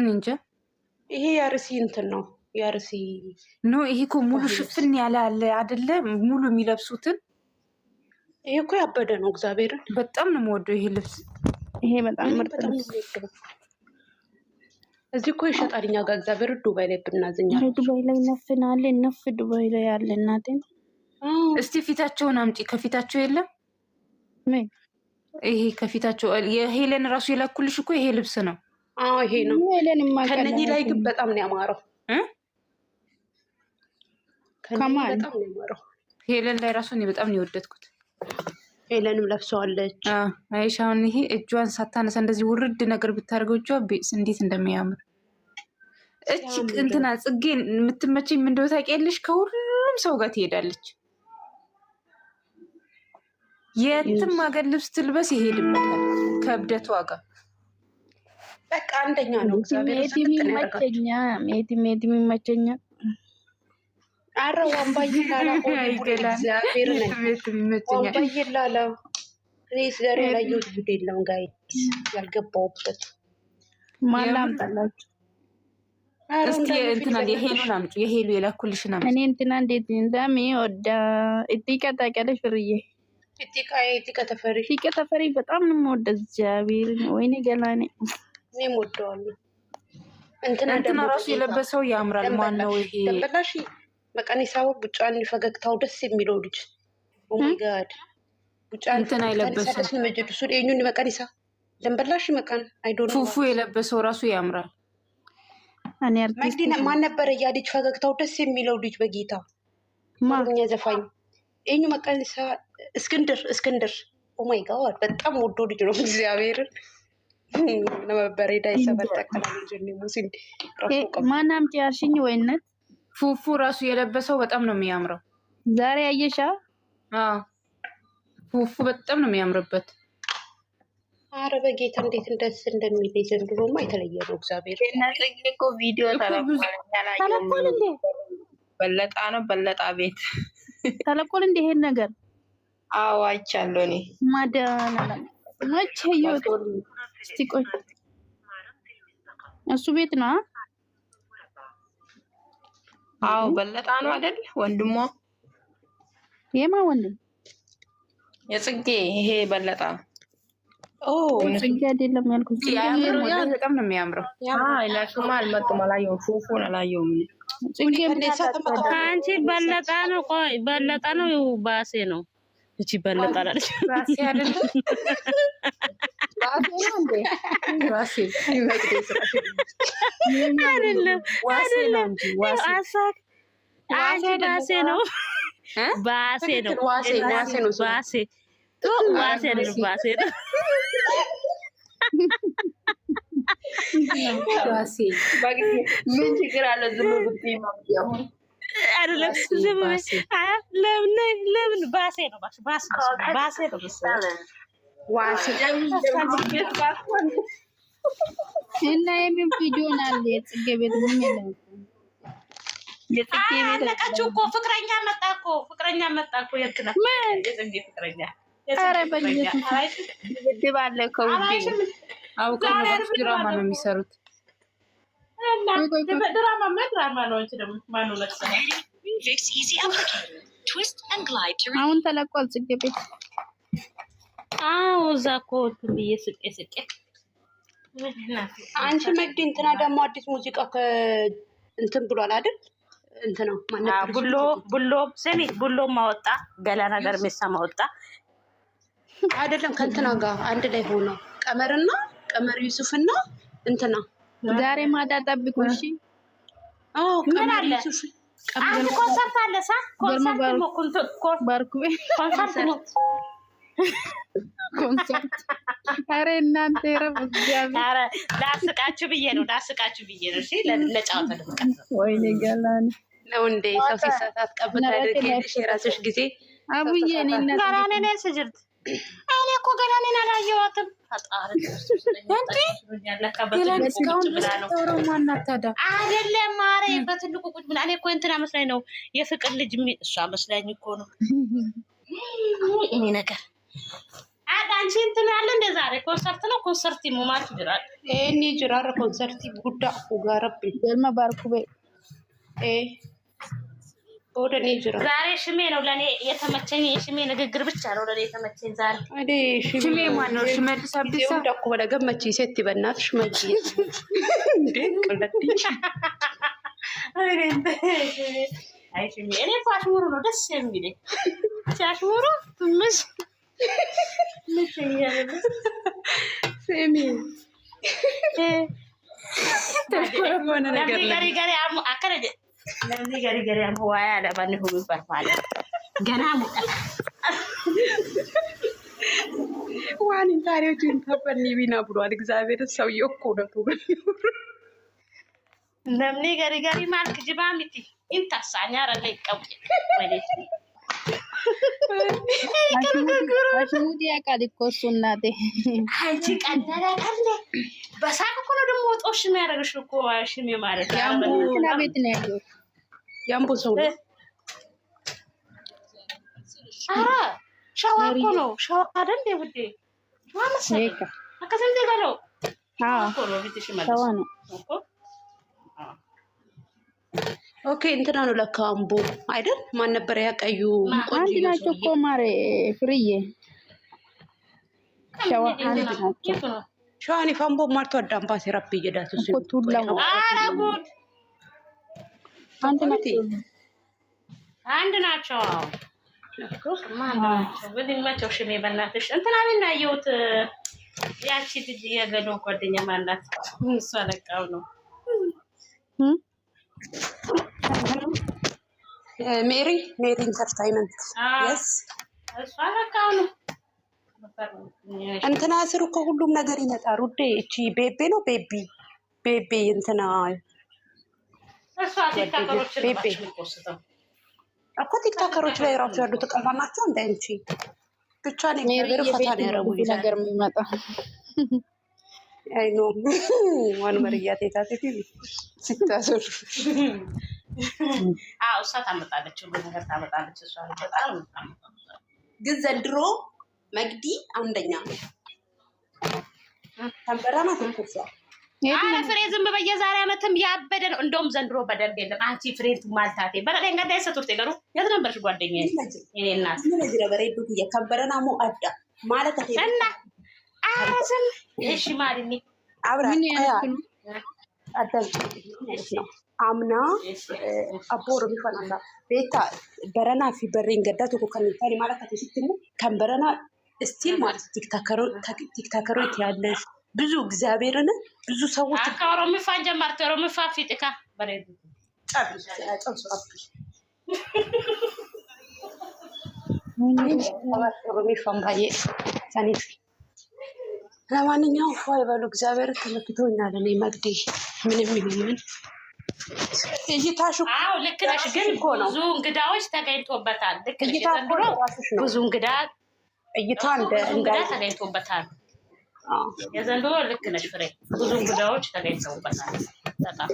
እንጃ ይሄ የአርሲ እንትን ነው የአርሲ ኖ ይሄ እኮ ሙሉ ሽፍን ያለ አለ አደለ? ሙሉ የሚለብሱትን ይሄ እኮ ያበደ ነው። እግዚአብሔርን በጣም ነው የምወደው ይሄ ልብስ። ይሄ በጣም ምርጥ ልብስ። እዚህ እኮ ይሸጣል እኛ ጋር እግዚአብሔር። ዱባይ ላይ ብናዝኛል። ዱባይ ላይ ነፍናል። ነፍ ዱባይ ላይ ያለ እናቴ። እስቲ ፊታቸውን አምጪ። ከፊታቸው የለም ይሄ ከፊታቸው የሄለን ራሱ የላኩልሽ እኮ ይሄ ልብስ ነው ይሄ ነው። ከነዚህ ላይ ግን በጣም ነው ያማረው። ሄለን ላይ ራሱ እኔ በጣም ነው የወደድኩት። ሄለንም ለብሰዋለች። አይሽ አሁን ይሄ እጇን ሳታነሳ እንደዚህ ውርድ ነገር ብታደርገው እጇ እንዴት እንደሚያምር እች እንትና ጽጌ የምትመቸኝ ምን እንደሆነ ታውቂያለሽ? ከሁሉም ሰው ጋር ትሄዳለች። የትም ሀገር ልብስ ትልበስ ይሄድበታል ከእብደቷ ጋር በቃ አንደኛ ነው። እግዚአብሔር ይመቸኛል። ሜቲ ሜቲ ይመቸኛል። አረ ወንባዬ ላላ እግዚአብሔር ወንባዬ ላላ እኔ ዛሬ ያላየሁት ቪዲዮ የለም ጋይስ፣ ያልገባሁበት ማላም አምጣላችሁ? እስቲ እንትና የሄሉን አምጪ፣ የሄሉ የላኩልሽን አምጪ። እኔ እንትና እንዴት እንዳሚ እንደሚወዳ እጥቂ ታውቂያለሽ ፍርዬ እጥቃ ተፈሪ እጥቃ ተፈሪ በጣም ነው የምወደው እግዚአብሔር ወይኔ ገላኔ እኔም ወደዋለሁ። እንትና ራሱ የለበሰው ያምራል። ማን ነው ይሄ? ደንበላሽ መቀኔሳው ቡጫን ፈገግታው ደስ የሚለው ልጅ ኦማይጋድ ቡጫን እንትና የለበሰው መጀዱ ሱ ኙን መቀኔሳ ደንበላሽ መቀን አይዶ ፉፉ የለበሰው ራሱ ያምራል። መግዲና ማን ነበረ ያ ልጅ ፈገግታው ደስ የሚለው ልጅ በጌታ ማግኛ ዘፋኝ ኙ መቀኔሳ እስክንድር እስክንድር ኦማይጋድ በጣም ወዶ ልጅ ነው እግዚአብሔርን nama bareedaa isa መጠቀም ሙሲን ማናምጥ ያልሽኝ ወይነት ፉፉ ራሱ የለበሰው በጣም ነው የሚያምረው። ዛሬ አየሻ? ፉፉ በጣም ነው የሚያምርበት። አረ በጌታ እንዴት እንደስ እንደሚል ዘንድሮማ የተለየ ነው። እግዚአብሔር እኮ ቪዲዮ ተለቆል በለጣ ነው በለጣ ቤት ተለቆል እንዴ ይሄን ነገር አዎ አይቻለሁ እኔ ማዳን መቼ ይወጣል እስቲ ቆይ እሱ ቤት ነው። አዎ በለጣ ነው አይደል? ወንድሟ የማ ወንድም የጽጌ ይሄ በለጣ ጽጌ አይደለም ያልኩት። በጣም ነው የሚያምረው። አይ አልመጡም፣ አላየሁም። ፉፉን አላየሁም። ጽጌ አንቺ በለጣ ነው። ቆይ በለጣ ነው ባሴ ነው እቺ በለጣ ላለች ባሴ ነው ባሴ ነው ባሴ ምን ችግር አለ? ዝም ብትይ አሁን አይደለም ዝም ለምን ለምን ባሴ ነው ባሴ ነው ባሴ ነው እና የሚም ፊጆናል የጽጌ ቤት ምን የለም አለቀችው እኮ ፍቅረኛ መጣ እኮ ፍቅረኛ መጣ እኮ የት ነው ፍቅረኛ ኧረ አለ እኮ አውቀው ነው ድራማ ነው የሚሰሩት አሁን ተለቋል ጽጌ ቤት አዎ እዛ እኮ እንትን ብዬ ስቄ ስቄ አንቺ መግዲ እንትና ደግሞ አዲስ ሙዚቃ እንትን ብሏል አይደል? እንትና ማለት ቡሎ ቡሎ ስሚ ቡሎ ማወጣ ገላና ገርሜሳ ማወጣ አይደለም ከእንትና ጋር አንድ ላይ ሆኖ ቀመርና ቀመር ዩሱፍና እንትና ዛሬ ማታ ጠብቁ እሺ። ምን አለ አንድ ኮንሰርት አለ ሳ ኮንሰርት ኮንሰርት ኮንሰርት ኮንሰርት። አረ እናንተ ረብ እግዚአብሔር ላስቃችሁ ብዬ ነው፣ ላስቃችሁ ብዬ ነው። እሺ ለጫወታ ልምቀት ነው። ወይኔ ነው እንዴ ሰው ሲሳሳት ቀብታ አድርጌልሽ የራስሽ ጊዜ አቡዬ ነኝ። ገላኔ ነኝ ስጅርት እኔ እኮ ገላኔን አላየኋትም። ነው የፍቅር ልጅ እሷ እኮ ነው ነገር አንቺ እንትን አለ እንደ ዛሬ ኮንሰርት ነው። ኮንሰርት ሙማት ይጅራል እኔ ጅራረ ኮንሰርት ጉዳ ጋረብ ጀልመ ባርኩ በ ወደኔ ጅራ ዛሬ ሽሜ ነው ለእኔ የተመቸኝ። የሽሜ ንግግር ብቻ ነው ለእኔ የተመቸኝ ዛሬ። እኔ ሽሜ ማን ነው? ሽመልስ አብዲሳ ዳኩ በለገመች ሴት በእናት ሽመልስ እንዴ ቅለጥሽ አይ ሽሜ እኔ ፋሽሙሩ ነው ደስ የሚለኝ ፋሽሙሩ ትንሽ namni garii garii amma waa'ee alaabaan hubuu barbaada. Ganaa mul'ata. Waan hin taane hojii hin tabbanne biinaa bulaan egzaabeera sawiyyoo kuudatu. Namni garii garii maal kijibaa miti. Inta saanyarallee qabu. አሽሙድ ያውቃል እኮ እሱ እናቴ። አንቺ ቀላል አይደለ? በሳቅ እኮ ነው ደግሞ ወጦሽ የሚያደርግሽ እኮ ሽሜ ማለት ቤት ነው ያለው የአምቦ ሰው ኧረ ሸዋ እኮ ነው ሸዋ አይደል? ውዴ ሸዋ መሰለኝ። አከሰም ዜጋ ሸዋ ነው። ኦኬ እንትና ነው ለካ አምቦ አይደል? ማን ነበር ያቀዩ? አንድ ናቸው እኮ ማሬ ፍርዬ ሸዋኒፍ ፋምቦ ማርቶ አዳምባሴ ረቢ እየዳት አንድ ናቸው። ብድመቸው ሽሜ በናትሽ እንትና ና የውት ያቺ ልጅ የገዶ ጓደኛ ማላት እሱ አለቃው ነው። ሜሪ ሜሪ ኢንተርታይመንት እንትና ስር እኮ ሁሉም ነገር ይመጣል። ውዴ እቺ ቤቤ ነው ቤቢ ቤቤ እንትና ቤቤ እኮ ቲክታከሮች ላይ ራሱ ያሉ ተቀማማቸው እንደ አንቺ ብቻ ነው ነገር ፈታ ነገር የሚመጣ አይ ዋን መርያ ቴታቴ ሲታሰሩ አዎ እሷ ታመጣለች፣ ሁሉ ነገር ታመጣለች። እሷ በጣም ግን ዘንድሮ መግዲ አንደኛ ተንበራማ እኮ አረ ፍሬ ዝም በየ ዛሬ ዓመትም ያበደ ነው። እንደውም ዘንድሮ በደንብ የለም። አንቺ ፍሬ ማልታቴ በረዴ እንገዳ ሰቶርቴ ገሩ የት ነበርሽ ጓደኛዬ? እኔና ነበር ዱት እየከበረና ሞ አዳ ማለት እና አረ ዝም እሺ ማሪኒ አብራ amna abboo oromoo fanaa beektaa baranaa fi barreen gaddaa tokko kan hin taane maal akka keessatti immoo kan baranaa እስቲል ማለት ቲክታከሮች ያለሽ ብዙ እግዚአብሔርን ብዙ ሰዎች አካ ኦሮምፋን ጀመርት ኦሮምፋ ፊጥካ በሬዱ ኦሮሚፋን ባየ ሳኒፍ ለማንኛውም ፏ ይበሉ። እግዚአብሔር ተመክቶኛል። እኔ መግዲ ምንም ይሁን ምን እይታሽ ልክ ነሽ፣ ግን ብዙ እንግዳዎች ተገኝቶበታል። ልክ ብዙ እንግዳ እይታ እንግዳ ተገኝቶበታል። የዘንድሮ ልክ ነሽ ፍሬ፣ ብዙ እንግዳዎች ተገኝተውበታል። በጣም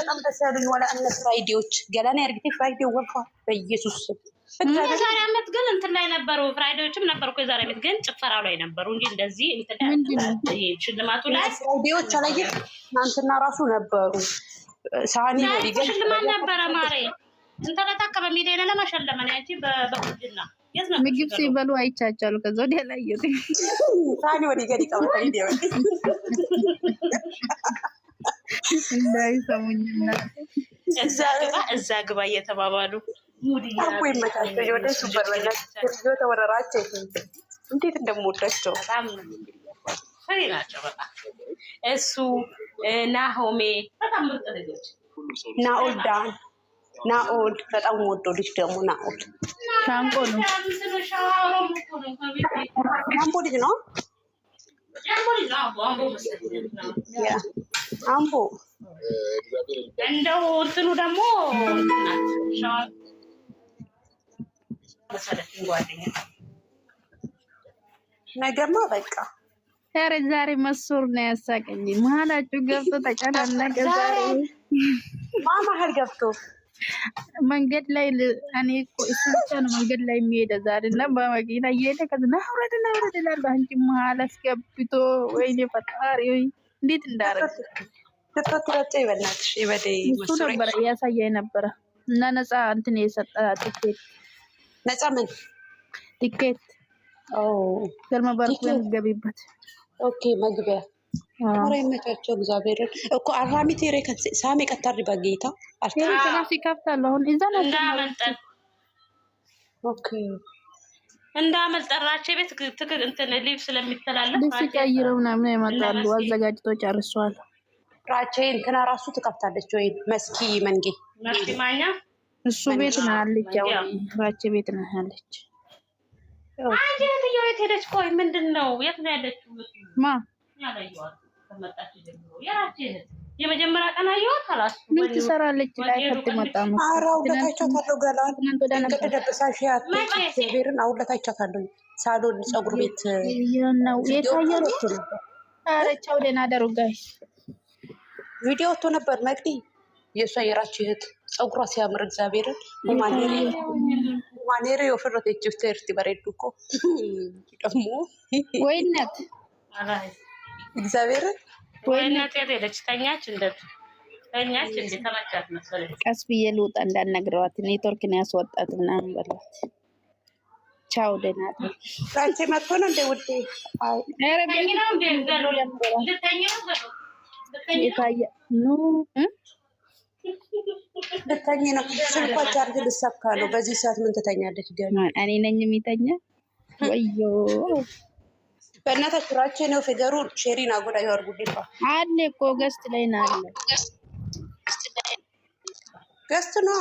በጣም ደስ ያሉኝ ዋላ እነ ፍራይዴዎች ገላና ርግቴ ፍራይዴ ወልፏል በኢየሱስ የዛሬ አመት ግን እንትን ላይ ነበሩ፣ ፍራይዴዎችም ነበሩ እኮ የዛሬ አመት ግን ጭፈራው ላይ ነበሩ እንጂ እንደዚህ ሽልማቱ ላይ ፍራይዴዎች አላየ ትናንትና ራሱ ነበሩ። ሳኒ ሽልማት ነበረ ማሬ እንተለታከ ሚሊዮን ለመሸለመ ነው በቁጅና ምግብ ሲበሉ አይቻቻሉ። ከዛ ወዲያ ላይ ሳኒ ወደ ገድ ይቀመጣል እንዳይሰሙኝና እዛ ግባ እየተባባሉ ተወረራቸው እንዴት እንደምወዳቸው እሱ ናሆሜ ናኦልዳ ናኦል በጣም ወዶ ልጅ ደግሞ ናኦል ሻንቆ ነው። ሻንቆ ልጅ ነው። አምቦ እንደው እንትኑ ደግሞ መሰለኝ ጓደኛ ነገማ በቃ ኧረ ዛሬ መሱር ነው ያሳቀኝ። መሀላችሁ ገብቶ ተጨናነቀ። ዛሬ ማማህል ገብቶ መንገድ ላይ እኔ እኮ እሱ ብቻ ነው መንገድ ላይ የሚሄደ ዛሬ እና በመኪና እየሄደ ከዚያ ና ውረድ ና ውረድ መሀል አስገብቶ ወይኔ ፈጣሪ ወይ እንዴት እንዳረግ እሱ ነበረ እያሳያ ነበረ እና ነፃ እንትን የሰጠ ትኬት ነፃ ምን ቲኬት ፊልም ባርኩ ኦኬ መግቢያ ኧረ ይመቻቸው። እግዚአብሔርን እኮ አራሚ ቴሬ ሳሜ ቀታሪ በጌታ ራሱ ይከፍታል። አሁን እዛ እንዳመልጠን እንዳመልጠን ቤት ትክክል እንትን ሊቭ ስለሚተላለፍ ምናምን ይመጣሉ። አዘጋጅቶ ጨርሷል። ራቼ እንትና ራሱ ትከፍታለች ወይ መስኪ መንጌ መስኪ ማኛ እሱ ቤት ነው ያለች። ያው ባቸ ቤት ነው ያለች። የት ሄደች? ቆይ ምንድን ነው የት ነው ያለችው? ማ የመጀመሪያ ቀን አየኋት። ምን ትሰራለች? ላይ ከብት መጣ ነው። ደብሳሽ ያት እግዚአብሔርን ሳሎን ፀጉር ቤት ነው ደህና ቪዲዮ ወጥቶ ነበር መቅዲ የእሷ የራች እህት ፀጉሯ ሲያምር እግዚአብሔርን ማኔሬ የወፈረተች ፍቴርቲ በሬዱ እኮ ደግሞ ወይነት እግዚአብሔርን ወይነት ሄደች ተኛች። እንደት ቀስ ብዬ ልውጣ እንዳነግረዋት ኔትወርክ ነው ያስወጣት ምናምን በሏት። ቻው ደህና ራንቼ መጥቶ ነው እንደ ውዴ ረ ልተኝ ነው። ስልኳ ቻርጅ ልሰካ ነው። በዚህ ሰዓት ምን ትተኛለች? ገና እኔ ነኝ የሚተኛ። ወዮ በእናታችሁ ራቼ ነው። ፊገሩ ሼሪን አጎዳ ይወርጉልኝ አለ እኮ ገስት ላይ ናለ ገስት ነው።